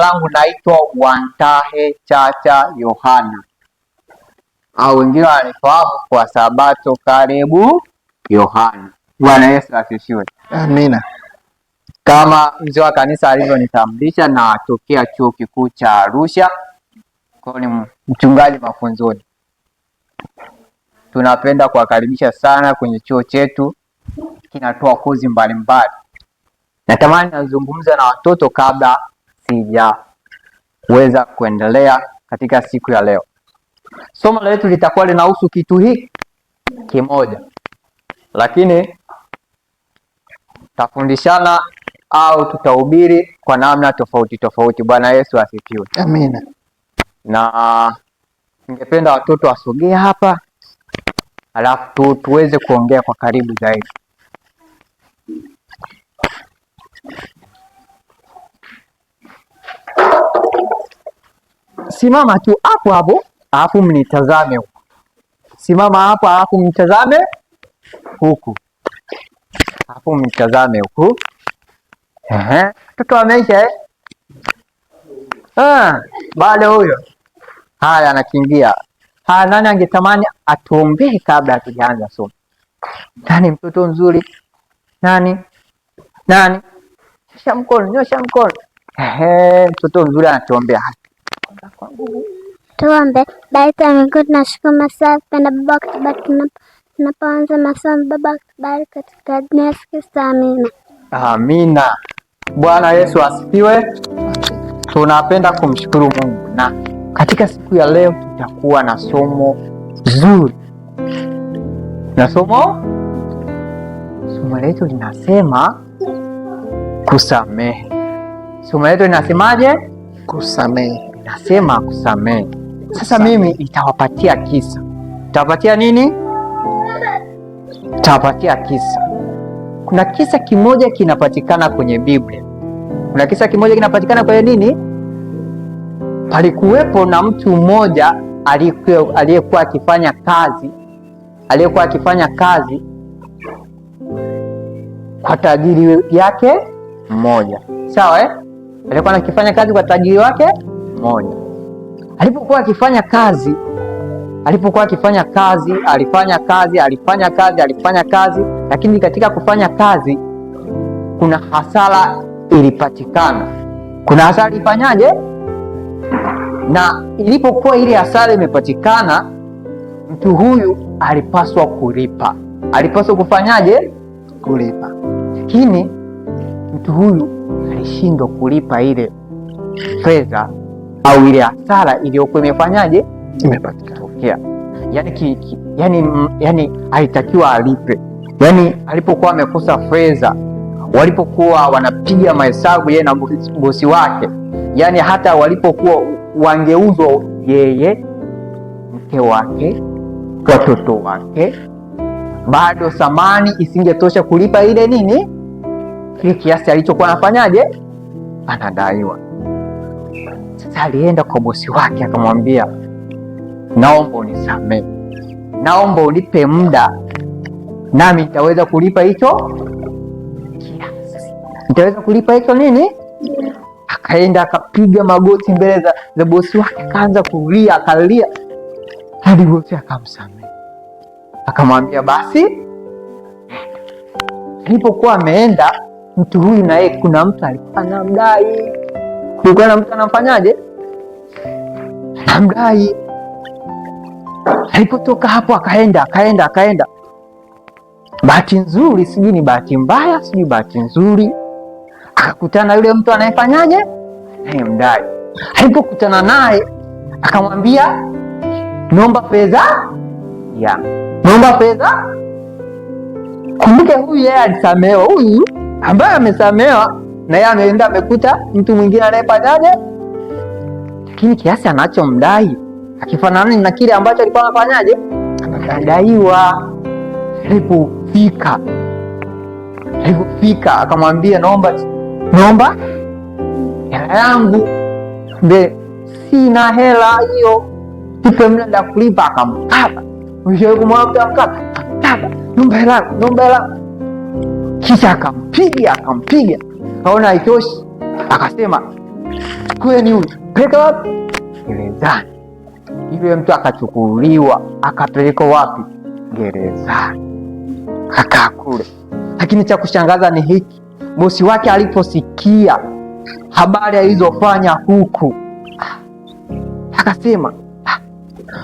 langu naitwa Wantahe Chacha Yohana au wengine wanifahamu kwa Sabato karibu Yohana. Bwana Yesu asifiwe. Amina. Kama mzee wa kanisa alivyonitambulisha, natokea chuo kikuu cha Arusha, kwa ni mchungaji mafunzoni. Tunapenda kuwakaribisha sana kwenye chuo chetu, kinatoa kozi mbalimbali. Natamani nazungumza na watoto kabla sijaweza kuendelea katika siku ya leo. Somo letu litakuwa linahusu kitu hiki kimoja, lakini tafundishana au tutahubiri kwa namna tofauti tofauti. Bwana Yesu asifiwe, amina. Na ningependa watoto wasogee hapa, alafu tu, tuweze kuongea kwa karibu zaidi. simama tu hapo hapo, alafu mnitazame huku. Simama hapo, alafu mnitazame huku, alafu mnitazame huku. Ehe, mtoto ameisha eh? Ah, bale huyo. Haya, anakimbia. Haya, nani angetamani atuombee kabla hatujaanza somo? Nani mtoto mzuri? Nani nani? Nyosha mkono, nyosha mkono. Ehe, mtoto mzuri anatuombea sana kwa nguvu. Tuombe. Baba yetu wa mbinguni, tunashukuru masaa penda Baba kutubaki tunapoanza masomo Baba, kutubariki katika jina la Yesu Kristo, amina. Amina. Bwana Yesu asifiwe. Tunapenda kumshukuru Mungu, na katika siku ya leo tutakuwa na somo zuri, na somo somo letu linasema kusamehe. Somo letu linasemaje? Kusamehe nasema kusamehe. Sasa mimi itawapatia kisa, tawapatia nini? Tawapatia kisa. Kuna kisa kimoja kinapatikana kwenye Biblia, kuna kisa kimoja kinapatikana kwenye nini? Palikuwepo na mtu mmoja aliyekuwa akifanya kazi, aliyekuwa akifanya kazi kwa tajiri yake mmoja, sawa eh? Alikuwa akifanya kazi kwa tajiri wake moja. Alipokuwa akifanya kazi, alipokuwa akifanya kazi, alifanya kazi, alifanya kazi, alifanya kazi, lakini katika kufanya kazi kuna hasara ilipatikana. Kuna hasara ilifanyaje? Na ilipokuwa ile hasara imepatikana, mtu huyu alipaswa kulipa, alipaswa kufanyaje? Kulipa. Lakini mtu huyu alishindwa kulipa ile fedha au ile hasara iliyokuwa imefanyaje imepatikana. Yeah. Yani, ki, ki, yani, yani alitakiwa alipe, yani alipokuwa amekosa fedha, walipokuwa wanapiga mahesabu yeye na bosi wake, yani hata walipokuwa wangeuzwa yeye, mke wake, watoto wake, bado thamani isingetosha kulipa ile nini, kile kiasi alichokuwa anafanyaje anadaiwa alienda kwa bosi wake akamwambia, naomba unisamehe, naomba unipe muda nami nitaweza kulipa hicho nitaweza kulipa hicho nini. Akaenda akapiga magoti mbele za, za bosi wake, akaanza kulia, akalia hadi bosi akamsamehe, akamwambia basi. Alipokuwa ameenda mtu huyu, naye kuna mtu alikuwa anamdai, kulikuwa na mtu anamfanyaje Hamdai alipotoka hapo, akaenda akaenda akaenda. Bahati nzuri, sijui ni bahati mbaya, sijui bahati nzuri, akakutana yule mtu anayefanyaje, mdai Alipokutana naye akamwambia, nomba fedha ya nomba fedha. Kumbuke huyu yeye alisamewa, huyu ambaye amesamewa na yeye ameenda amekuta mtu mwingine anayefanyaje lakini kiasi anachomdai akifanana na kile ambacho alikuwa anafanyaje, anadaiwa. Alipofika alipofika akamwambia, naomba naomba hela yangu, mbe sina hela hiyo, tupe mla la kulipa. akamkata mwishowe kumwambia mkaba, hela, nomba hela. Kisha akampiga akampiga, kaona haitoshi, akasema kweni huyu pick up gerezani, yule mtu akachukuliwa akapelekwa wapi? Gerezani, kakaa kule. Lakini cha kushangaza ni hiki, bosi wake aliposikia habari alizofanya huku akasema, ah,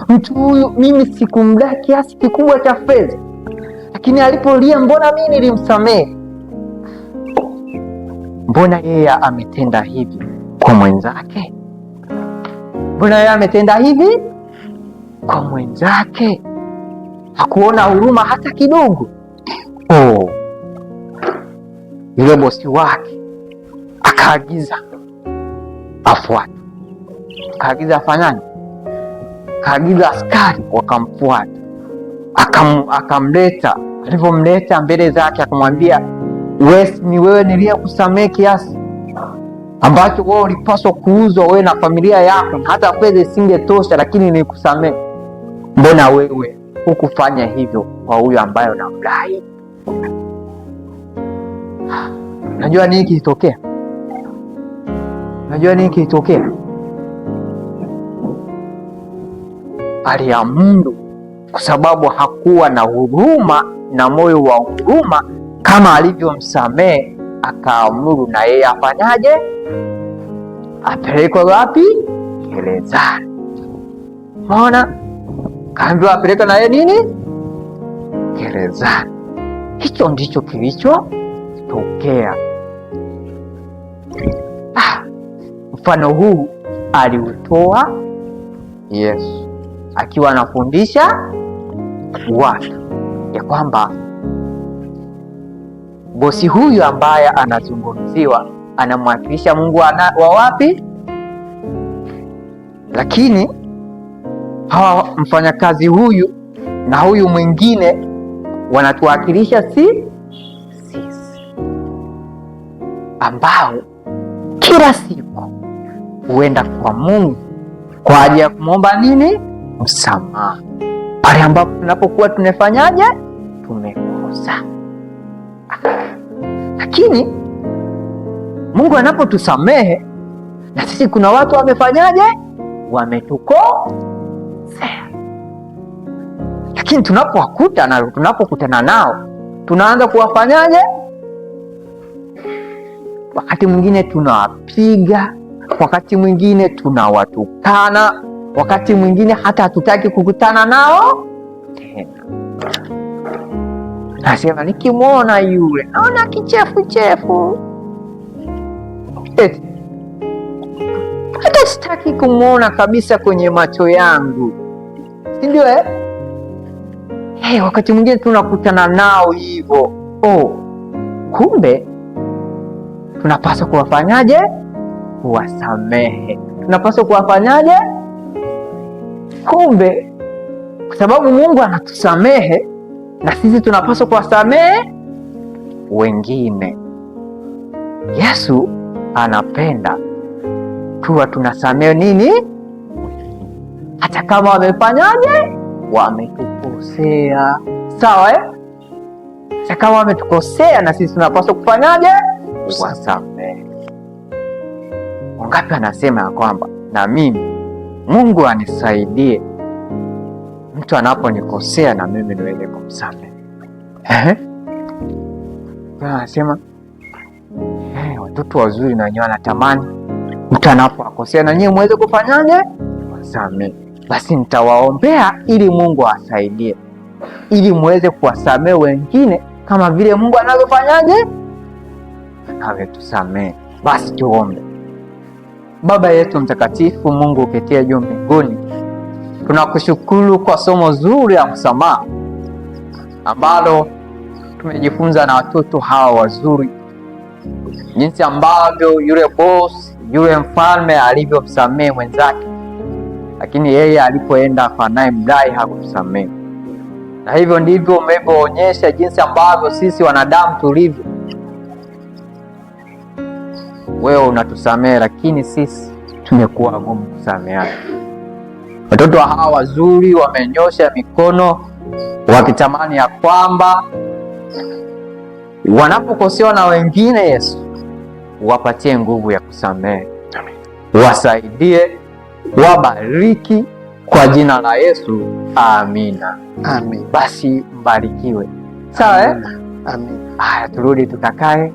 mtu huyu mimi sikumdai kiasi kikubwa cha fedha, lakini alipolia, mbona mimi nilimsamehe? Mbona yeye ametenda hivi kwa mwenzake? Mbona yeye ametenda hivi kwa mwenzake? Hakuona huruma hata kidogo. Oh, yule bosi wake akaagiza afuate, akaagiza afanyani, akaagiza askari wakamfuata, akam, akamleta. Alivyomleta mbele zake akamwambia, wewe ni wewe niliye kusamehe kiasi ambacho wewe ulipaswa kuuzwa wewe na familia yako, hata fedha isingetosha, lakini nikusamehe. Mbona wewe hukufanya hivyo kwa huyo ambaye unamdai? Najua nini kilitokea, najua nini kilitokea. Aliamuru kwa sababu hakuwa na huruma na moyo wa huruma kama alivyomsamehe akaamuru na yeye afanyaje, apelekwe wapi? Gerezani. Umeona, kaambiwa apelekwe na yeye nini? Gerezani. Hicho ndicho kilichotokea. Ah, mfano huu aliutoa Yesu akiwa anafundisha watu ya kwamba bosi huyu ambaye anazungumziwa anamwakilisha Mungu ana, wa wapi? Lakini hawa mfanyakazi huyu na huyu mwingine wanatuwakilisha si sisi, ambao kila siku huenda kwa Mungu kwa ajili ya kumwomba nini? Msamaha pale ambapo tunapokuwa tumefanyaje? Tumekosa. Lakini Mungu anapotusamehe na sisi, kuna watu wamefanyaje? Wametukosea, lakini tunapowakuta na tunapokutana nao tunaanza kuwafanyaje? Wakati mwingine tunawapiga, wakati mwingine tunawatukana, wakati mwingine hata hatutaki kukutana nao tena. Nasema nikimwona yule naona kichefuchefu, hata sitaki kumwona kabisa kwenye macho yangu, sindio eh? Hey, wakati mwingine tunakutana nao hivyo. Oh, kumbe tunapaswa kuwafanyaje? Kuwasamehe. Tunapaswa kuwafanyaje? Kumbe kwa sababu Mungu anatusamehe na sisi tunapaswa kuwasamehe wengine. Yesu anapenda tuwa tunasamehe nini, hata kama wamefanyaje, wametukosea. Sawa eh? hata kama wametukosea, na sisi tunapaswa kufanyaje, wasamehe. Wangapi anasema ya kwamba na mimi Mungu anisaidie mtu anaponikosea na mimi niweze kumsamehe. Eh? Anasema hey, eh, watoto wazuri na wenyewe wanatamani mtu anapowakosea na nyewe mweze kufanyaje? Wasamehe. Basi nitawaombea ili Mungu awasaidie ili mweze kuwasamehe wengine kama vile Mungu anavyofanyaje, anavyotusamehe. Basi tuombe. Baba yetu mtakatifu, Mungu uketia juu mbinguni Tunakushukuru kwa somo zuri la msamaha ambalo tumejifunza na watoto hawa wazuri, jinsi ambavyo yule boss, yule mfalme alivyomsamehe mwenzake, lakini yeye alipoenda kwa naye mdai hakumsamehe. Na hivyo ndivyo umevyoonyesha jinsi ambavyo sisi wanadamu tulivyo. Wewe unatusamehe, lakini sisi tumekuwa gumu kusameheana. Watoto hawa wazuri wamenyosha mikono wakitamani ya kwamba wanapokosewa na wengine, Yesu wapatie nguvu ya kusamehe, wasaidie, wabariki kwa jina la Yesu, amina. Amin. Basi mbarikiwe. Sawa, eh? Amin. Haya, turudi tukakae.